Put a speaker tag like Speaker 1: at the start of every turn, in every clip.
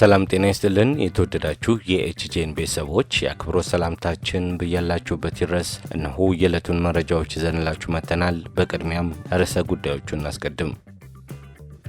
Speaker 1: ሰላም ጤና ይስጥልን። የተወደዳችሁ የኤችጄን ቤተሰቦች የአክብሮት ሰላምታችን ብያላችሁበት ይድረስ። እነሆ የዕለቱን መረጃዎች ይዘንላችሁ መጥተናል። በቅድሚያም ርዕሰ ጉዳዮቹን እናስቀድም።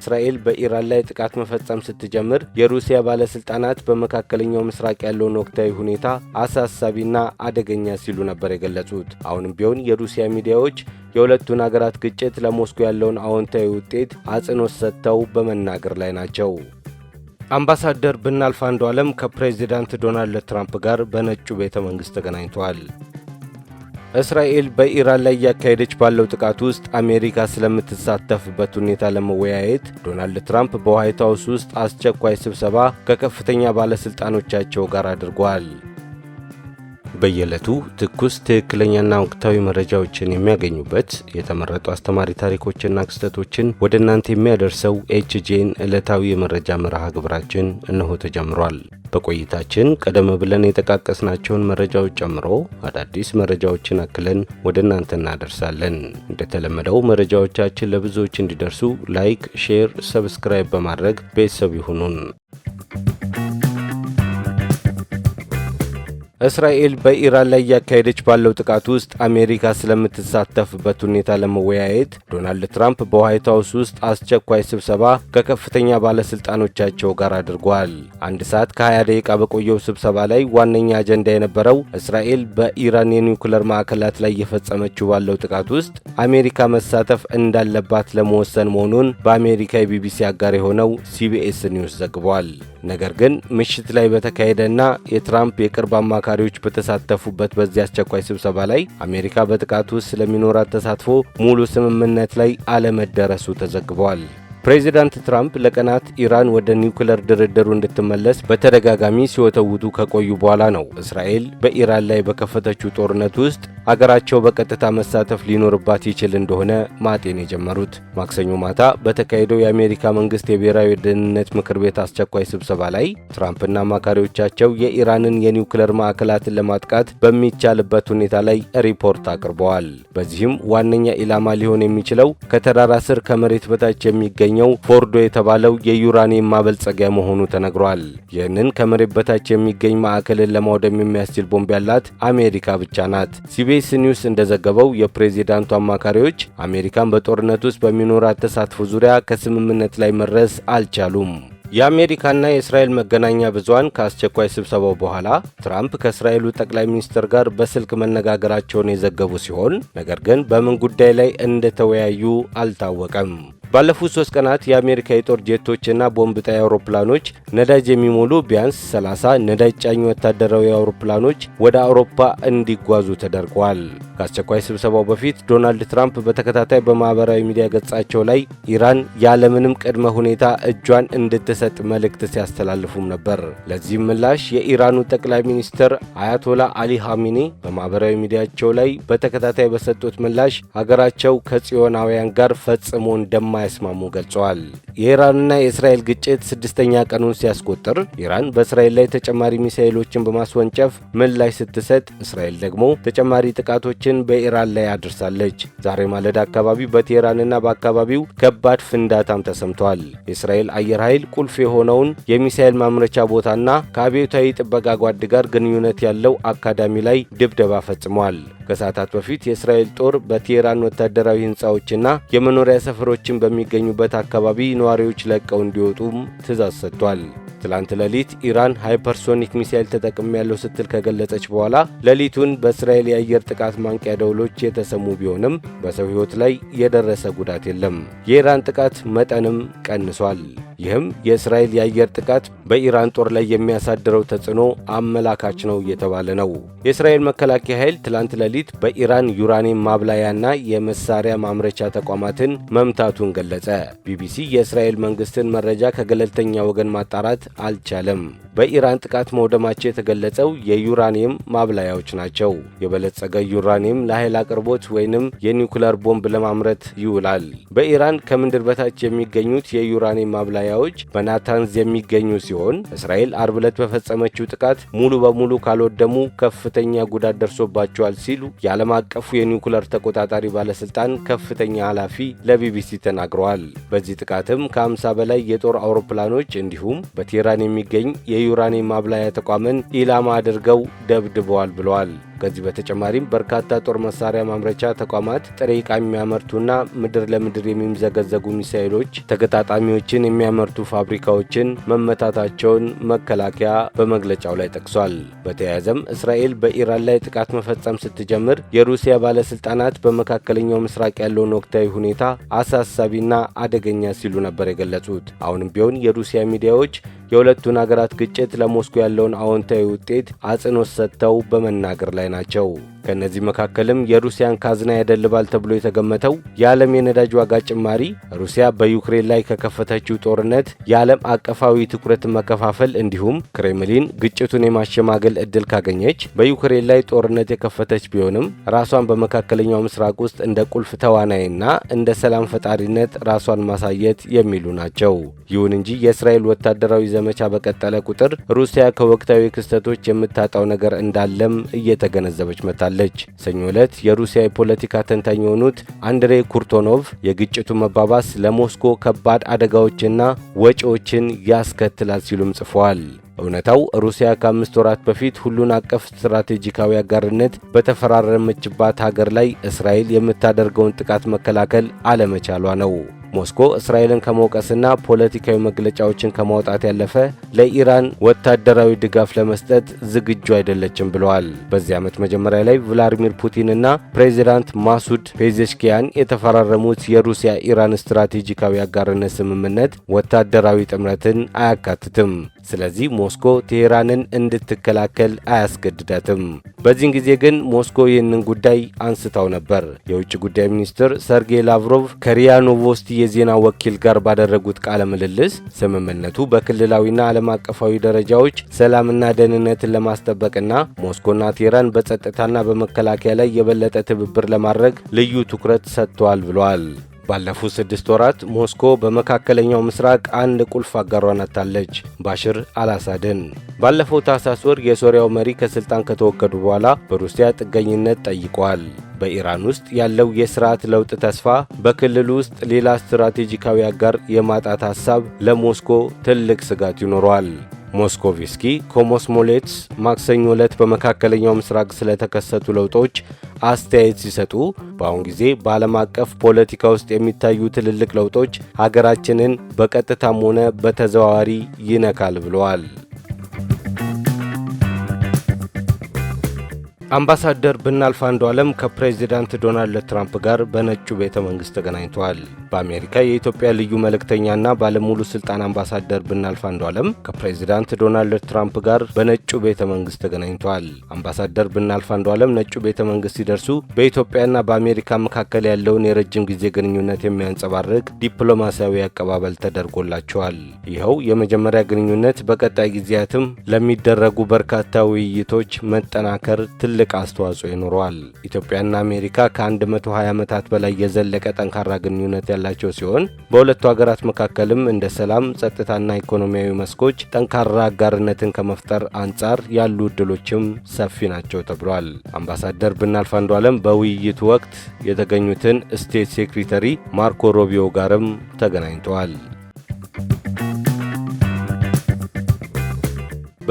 Speaker 2: እስራኤል በኢራን ላይ ጥቃት መፈጸም ስትጀምር የሩሲያ ባለስልጣናት በመካከለኛው ምስራቅ ያለውን ወቅታዊ ሁኔታ አሳሳቢና አደገኛ ሲሉ ነበር የገለጹት። አሁንም ቢሆን የሩሲያ ሚዲያዎች የሁለቱን አገራት ግጭት ለሞስኮ ያለውን አዎንታዊ ውጤት አጽንኦት ሰጥተው በመናገር ላይ ናቸው። አምባሳደር ብናልፍ አንዱ ዓለም ከፕሬዚዳንት ዶናልድ ትራምፕ ጋር በነጩ ቤተ መንግሥት ተገናኝተዋል። እስራኤል በኢራን ላይ እያካሄደች ባለው ጥቃት ውስጥ አሜሪካ ስለምትሳተፍበት ሁኔታ ለመወያየት ዶናልድ ትራምፕ በዋይት ውስጥ አስቸኳይ ስብሰባ ከከፍተኛ ባለሥልጣኖቻቸው ጋር አድርጓል። በየዕለቱ ትኩስ ትክክለኛና ወቅታዊ መረጃዎችን የሚያገኙበት የተመረጡ አስተማሪ ታሪኮችና ክስተቶችን ወደ እናንተ የሚያደርሰው ኤችጄን ዕለታዊ የመረጃ መርሃ ግብራችን እነሆ ተጀምሯል። በቆይታችን ቀደም ብለን የጠቃቀስናቸውን መረጃዎች ጨምሮ አዳዲስ መረጃዎችን አክለን ወደ እናንተ እናደርሳለን። እንደተለመደው መረጃዎቻችን ለብዙዎች እንዲደርሱ ላይክ፣ ሼር፣ ሰብስክራይብ በማድረግ ቤተሰብ ይሁኑን። እስራኤል በኢራን ላይ እያካሄደች ባለው ጥቃት ውስጥ አሜሪካ ስለምትሳተፍበት ሁኔታ ለመወያየት ዶናልድ ትራምፕ በዋይት ሀውስ ውስጥ አስቸኳይ ስብሰባ ከከፍተኛ ባለስልጣኖቻቸው ጋር አድርጓል። አንድ ሰዓት ከ20 ደቂቃ በቆየው ስብሰባ ላይ ዋነኛ አጀንዳ የነበረው እስራኤል በኢራን የኒውክለር ማዕከላት ላይ እየፈጸመችው ባለው ጥቃት ውስጥ አሜሪካ መሳተፍ እንዳለባት ለመወሰን መሆኑን በአሜሪካ የቢቢሲ አጋር የሆነው ሲቢኤስ ኒውስ ዘግቧል። ነገር ግን ምሽት ላይ በተካሄደና የትራምፕ የቅርብ አማካሪዎች በተሳተፉበት በዚህ አስቸኳይ ስብሰባ ላይ አሜሪካ በጥቃት ውስጥ ስለሚኖራት ተሳትፎ ሙሉ ስምምነት ላይ አለመደረሱ ተዘግበዋል። ፕሬዚዳንት ትራምፕ ለቀናት ኢራን ወደ ኒውክለር ድርድሩ እንድትመለስ በተደጋጋሚ ሲወተውቱ ከቆዩ በኋላ ነው እስራኤል በኢራን ላይ በከፈተችው ጦርነት ውስጥ አገራቸው በቀጥታ መሳተፍ ሊኖርባት ይችል እንደሆነ ማጤን የጀመሩት። ማክሰኞ ማታ በተካሄደው የአሜሪካ መንግስት የብሔራዊ ደህንነት ምክር ቤት አስቸኳይ ስብሰባ ላይ ትራምፕና አማካሪዎቻቸው የኢራንን የኒውክለር ማዕከላትን ለማጥቃት በሚቻልበት ሁኔታ ላይ ሪፖርት አቅርበዋል። በዚህም ዋነኛ ኢላማ ሊሆን የሚችለው ከተራራ ስር ከመሬት በታች የሚገኝ የሚገኘው ፎርዶ የተባለው የዩራኒየም ማበልጸጊያ መሆኑ ተነግሯል። ይህንን ከመሬት በታች የሚገኝ ማዕከልን ለማውደም የሚያስችል ቦምብ ያላት አሜሪካ ብቻ ናት። ሲቢኤስ ኒውስ እንደዘገበው የፕሬዚዳንቱ አማካሪዎች አሜሪካን በጦርነት ውስጥ በሚኖራት ተሳትፎ ዙሪያ ከስምምነት ላይ መድረስ አልቻሉም። የአሜሪካና የእስራኤል መገናኛ ብዙሃን ከአስቸኳይ ስብሰባው በኋላ ትራምፕ ከእስራኤሉ ጠቅላይ ሚኒስትር ጋር በስልክ መነጋገራቸውን የዘገቡ ሲሆን ነገር ግን በምን ጉዳይ ላይ እንደተወያዩ አልታወቀም። ባለፉት ሶስት ቀናት የአሜሪካ የጦር ጄቶችና ቦምብ ጣይ አውሮፕላኖች ነዳጅ የሚሞሉ ቢያንስ 30 ነዳጅ ጫኝ ወታደራዊ አውሮፕላኖች ወደ አውሮፓ እንዲጓዙ ተደርገዋል። ከአስቸኳይ ስብሰባው በፊት ዶናልድ ትራምፕ በተከታታይ በማኅበራዊ ሚዲያ ገጻቸው ላይ ኢራን ያለምንም ቅድመ ሁኔታ እጇን እንድትሰጥ መልእክት ሲያስተላልፉም ነበር። ለዚህም ምላሽ የኢራኑ ጠቅላይ ሚኒስትር አያቶላ አሊ ሐሚኒ በማኅበራዊ ሚዲያቸው ላይ በተከታታይ በሰጡት ምላሽ ሀገራቸው ከጽዮናውያን ጋር ፈጽሞ እንደማ እንደማያስማሙ ገልጸዋል። የኢራንና የእስራኤል ግጭት ስድስተኛ ቀኑን ሲያስቆጥር ኢራን በእስራኤል ላይ ተጨማሪ ሚሳኤሎችን በማስወንጨፍ ምላሽ ስትሰጥ፣ እስራኤል ደግሞ ተጨማሪ ጥቃቶችን በኢራን ላይ አድርሳለች። ዛሬ ማለዳ አካባቢ በቴህራንና በአካባቢው ከባድ ፍንዳታም ተሰምቷል። የእስራኤል አየር ኃይል ቁልፍ የሆነውን የሚሳኤል ማምረቻ ቦታና ከአብዮታዊ ጥበቃ ጓድ ጋር ግንኙነት ያለው አካዳሚ ላይ ድብደባ ፈጽሟል። ከሰዓታት በፊት የእስራኤል ጦር በቴህራን ወታደራዊ ህንፃዎችና የመኖሪያ ሰፈሮችን በሚገኙበት አካባቢ ነዋሪዎች ለቀው እንዲወጡም ትእዛዝ ሰጥቷል። ትላንት ሌሊት ኢራን ሃይፐርሶኒክ ሚሳይል ተጠቅም ያለው ስትል ከገለጸች በኋላ ሌሊቱን በእስራኤል የአየር ጥቃት ማንቂያ ደውሎች የተሰሙ ቢሆንም በሰው ሕይወት ላይ የደረሰ ጉዳት የለም። የኢራን ጥቃት መጠንም ቀንሷል። ይህም የእስራኤል የአየር ጥቃት በኢራን ጦር ላይ የሚያሳድረው ተጽዕኖ አመላካች ነው እየተባለ ነው። የእስራኤል መከላከያ ኃይል ትላንት ሌሊት በኢራን ዩራኒየም ማብላያና የመሳሪያ ማምረቻ ተቋማትን መምታቱን ገለጸ። ቢቢሲ የእስራኤል መንግስትን መረጃ ከገለልተኛ ወገን ማጣራት አልቻለም። በኢራን ጥቃት መውደማቸው የተገለጸው የዩራኒየም ማብላያዎች ናቸው። የበለጸገ ዩራኒየም ለኃይል አቅርቦት ወይንም የኒውክለር ቦምብ ለማምረት ይውላል። በኢራን ከምንድር በታች የሚገኙት የዩራኒየም ማብላያ መሳሪያዎች በናታንዝ የሚገኙ ሲሆን እስራኤል አርብ ዕለት በፈጸመችው ጥቃት ሙሉ በሙሉ ካልወደሙ ከፍተኛ ጉዳት ደርሶባቸዋል ሲሉ የዓለም አቀፉ የኒውክለር ተቆጣጣሪ ባለስልጣን ከፍተኛ ኃላፊ ለቢቢሲ ተናግረዋል። በዚህ ጥቃትም ከ50 በላይ የጦር አውሮፕላኖች እንዲሁም በቴህራን የሚገኝ የዩራኒየም ማብላያ ተቋምን ኢላማ አድርገው ደብድበዋል ብለዋል። ከዚህ በተጨማሪም በርካታ ጦር መሳሪያ ማምረቻ ተቋማት ጥሬ ዕቃ የሚያመርቱና ምድር ለምድር የሚምዘገዘጉ ሚሳይሎች ተገጣጣሚዎችን የሚያመርቱ ፋብሪካዎችን መመታታቸውን መከላከያ በመግለጫው ላይ ጠቅሷል። በተያያዘም እስራኤል በኢራን ላይ ጥቃት መፈጸም ስትጀምር የሩሲያ ባለስልጣናት በመካከለኛው ምስራቅ ያለውን ወቅታዊ ሁኔታ አሳሳቢና አደገኛ ሲሉ ነበር የገለጹት። አሁንም ቢሆን የሩሲያ ሚዲያዎች የሁለቱን ሀገራት ግጭት ለሞስኮ ያለውን አዎንታዊ ውጤት አጽንኦት ሰጥተው በመናገር ላይ ናቸው። ከእነዚህ መካከልም የሩሲያን ካዝና ያደልባል ተብሎ የተገመተው የዓለም የነዳጅ ዋጋ ጭማሪ ሩሲያ በዩክሬን ላይ ከከፈተችው ጦርነት የዓለም አቀፋዊ ትኩረት መከፋፈል፣ እንዲሁም ክሬምሊን ግጭቱን የማሸማገል እድል ካገኘች በዩክሬን ላይ ጦርነት የከፈተች ቢሆንም ራሷን በመካከለኛው ምስራቅ ውስጥ እንደ ቁልፍ ተዋናይና እንደ ሰላም ፈጣሪነት ራሷን ማሳየት የሚሉ ናቸው። ይሁን እንጂ የእስራኤል ወታደራዊ ዘመቻ በቀጠለ ቁጥር ሩሲያ ከወቅታዊ ክስተቶች የምታጣው ነገር እንዳለም እየተገነዘበች መታለች። ሰኞ ዕለት የሩሲያ የፖለቲካ ተንታኝ የሆኑት አንድሬ ኩርቶኖቭ የግጭቱ መባባስ ለሞስኮ ከባድ አደጋዎችና ወጪዎችን ያስከትላል ሲሉም ጽፏል። እውነታው ሩሲያ ከአምስት ወራት በፊት ሁሉን አቀፍ ስትራቴጂካዊ አጋርነት በተፈራረመችባት ሀገር ላይ እስራኤል የምታደርገውን ጥቃት መከላከል አለመቻሏ ነው። ሞስኮ እስራኤልን ከመውቀስና ፖለቲካዊ መግለጫዎችን ከማውጣት ያለፈ ለኢራን ወታደራዊ ድጋፍ ለመስጠት ዝግጁ አይደለችም ብለዋል። በዚህ ዓመት መጀመሪያ ላይ ቭላዲሚር ፑቲንና ፕሬዚዳንት ማሱድ ፔዜሽኪያን የተፈራረሙት የሩሲያ ኢራን ስትራቴጂካዊ አጋርነት ስምምነት ወታደራዊ ጥምረትን አያካትትም። ስለዚህ ሞስኮ ቴሄራንን እንድትከላከል አያስገድዳትም። በዚህን ጊዜ ግን ሞስኮ ይህንን ጉዳይ አንስተው ነበር። የውጭ ጉዳይ ሚኒስትር ሰርጌይ ላቭሮቭ ከሪያ ኖቮስቲ የዜና ወኪል ጋር ባደረጉት ቃለ ምልልስ ስምምነቱ በክልላዊና ዓለም አቀፋዊ ደረጃዎች ሰላምና ደህንነትን ለማስጠበቅና ሞስኮና ቴሄራን በጸጥታና በመከላከያ ላይ የበለጠ ትብብር ለማድረግ ልዩ ትኩረት ሰጥተዋል ብለዋል። ባለፉት ስድስት ወራት ሞስኮ በመካከለኛው ምስራቅ አንድ ቁልፍ አጋሯ ናታለች። ባሽር አልአሳድን። ባለፈው ታህሳስ ወር የሶሪያው መሪ ከስልጣን ከተወገዱ በኋላ በሩሲያ ጥገኝነት ጠይቋል። በኢራን ውስጥ ያለው የስርዓት ለውጥ ተስፋ በክልል ውስጥ ሌላ ስትራቴጂካዊ አጋር የማጣት ሐሳብ ለሞስኮ ትልቅ ስጋት ይኖረዋል። ሞስኮቪስኪ ኮሞስሞሌትስ ማክሰኞ ዕለት በመካከለኛው ምስራቅ ስለተከሰቱ ለውጦች አስተያየት ሲሰጡ በአሁን ጊዜ በዓለም አቀፍ ፖለቲካ ውስጥ የሚታዩ ትልልቅ ለውጦች ሀገራችንን በቀጥታም ሆነ በተዘዋዋሪ ይነካል ብለዋል። አምባሳደር ብናልፍ አንዱ ዓለም ከፕሬዚዳንት ዶናልድ ትራምፕ ጋር በነጩ ቤተ መንግሥት ተገናኝተዋል። በአሜሪካ የኢትዮጵያ ልዩ መልእክተኛና ባለሙሉ ስልጣን አምባሳደር ብናልፍ አንዱ ዓለም ከፕሬዚዳንት ዶናልድ ትራምፕ ጋር በነጩ ቤተ መንግሥት ተገናኝተዋል። አምባሳደር ብናልፍ አንዱ ዓለም ነጩ ቤተ መንግሥት ሲደርሱ በኢትዮጵያና በአሜሪካ መካከል ያለውን የረጅም ጊዜ ግንኙነት የሚያንጸባርቅ ዲፕሎማሲያዊ አቀባበል ተደርጎላቸዋል። ይኸው የመጀመሪያ ግንኙነት በቀጣይ ጊዜያትም ለሚደረጉ በርካታ ውይይቶች መጠናከር ትልቅ ትልቅ አስተዋጽኦ ይኖረዋል። ኢትዮጵያና አሜሪካ ከ120 ዓመታት በላይ የዘለቀ ጠንካራ ግንኙነት ያላቸው ሲሆን በሁለቱ ሀገራት መካከልም እንደ ሰላም፣ ጸጥታና ኢኮኖሚያዊ መስኮች ጠንካራ አጋርነትን ከመፍጠር አንጻር ያሉ እድሎችም ሰፊ ናቸው ተብሏል። አምባሳደር ብናልፍ አንዱዓለም በውይይቱ ወቅት የተገኙትን ስቴት ሴክሬተሪ ማርኮ ሮቢዮ ጋርም ተገናኝተዋል።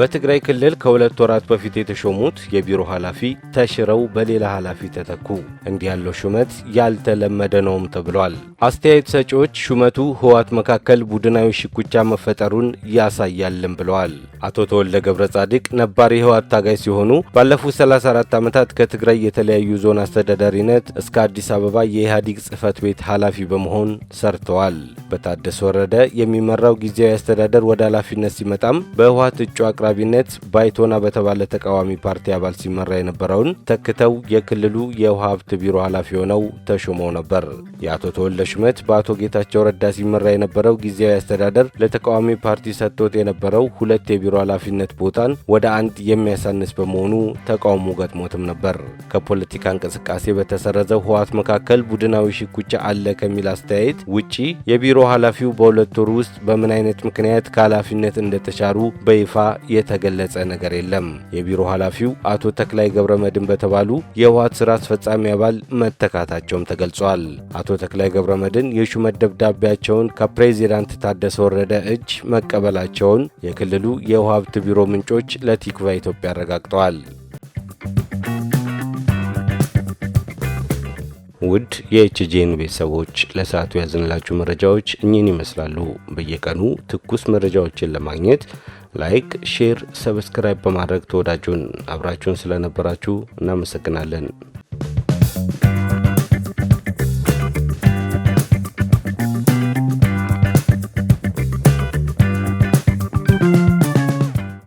Speaker 2: በትግራይ ክልል ከሁለት ወራት በፊት የተሾሙት የቢሮ ኃላፊ ተሽረው በሌላ ኃላፊ ተተኩ። እንዲህ ያለው ሹመት ያልተለመደ ነውም ተብሏል። አስተያየት ሰጪዎች ሹመቱ ህወሓት መካከል ቡድናዊ ሽኩቻ መፈጠሩን ያሳያልም ብለዋል። አቶ ተወልደ ገብረ ጻድቅ ነባር የህወሓት ታጋይ ሲሆኑ ባለፉት 34 ዓመታት ከትግራይ የተለያዩ ዞን አስተዳዳሪነት እስከ አዲስ አበባ የኢህአዴግ ጽህፈት ቤት ኃላፊ በመሆን ሰርተዋል። በታደሰ ወረደ የሚመራው ጊዜያዊ አስተዳደር ወደ ኃላፊነት ሲመጣም በህወሀት እጩ አቅራቢነት ባይቶና በተባለ ተቃዋሚ ፓርቲ አባል ሲመራ የነበረውን ተክተው የክልሉ የውሃ ሀብት ቢሮ ኃላፊ ሆነው ተሾመው ነበር። የአቶ ተወልደ ሹመት በአቶ ጌታቸው ረዳ ሲመራ የነበረው ጊዜያዊ አስተዳደር ለተቃዋሚ ፓርቲ ሰጥቶት የነበረው ሁለት የቢሮ ኃላፊነት ቦታን ወደ አንድ የሚያሳንስ በመሆኑ ተቃውሞ ገጥሞትም ነበር። ከፖለቲካ እንቅስቃሴ በተሰረዘው ህወሀት መካከል ቡድናዊ ሽኩቻ አለ ከሚል አስተያየት ውጪ የቢሮ የቢሮ ኃላፊው በሁለት ወር ውስጥ በምን አይነት ምክንያት ከኃላፊነት እንደተሻሩ በይፋ የተገለጸ ነገር የለም። የቢሮ ኃላፊው አቶ ተክላይ ገብረ መድን በተባሉ የህወሓት ስራ አስፈጻሚ አባል መተካታቸውም ተገልጿል። አቶ ተክላይ ገብረ መድን የሹመት ደብዳቤያቸውን ከፕሬዚዳንት ታደሰ ወረደ እጅ መቀበላቸውን የክልሉ የውሃ ሀብት ቢሮ ምንጮች ለቲክቫ ኢትዮጵያ አረጋግጠዋል።
Speaker 1: ውድ የኤችጄን ቤተሰቦች ለሰዓቱ ያዘንላችሁ መረጃዎች እኚህን ይመስላሉ። በየቀኑ ትኩስ መረጃዎችን ለማግኘት ላይክ፣ ሼር፣ ሰብስክራይብ በማድረግ ተወዳጁን አብራችሁን ስለነበራችሁ እናመሰግናለን።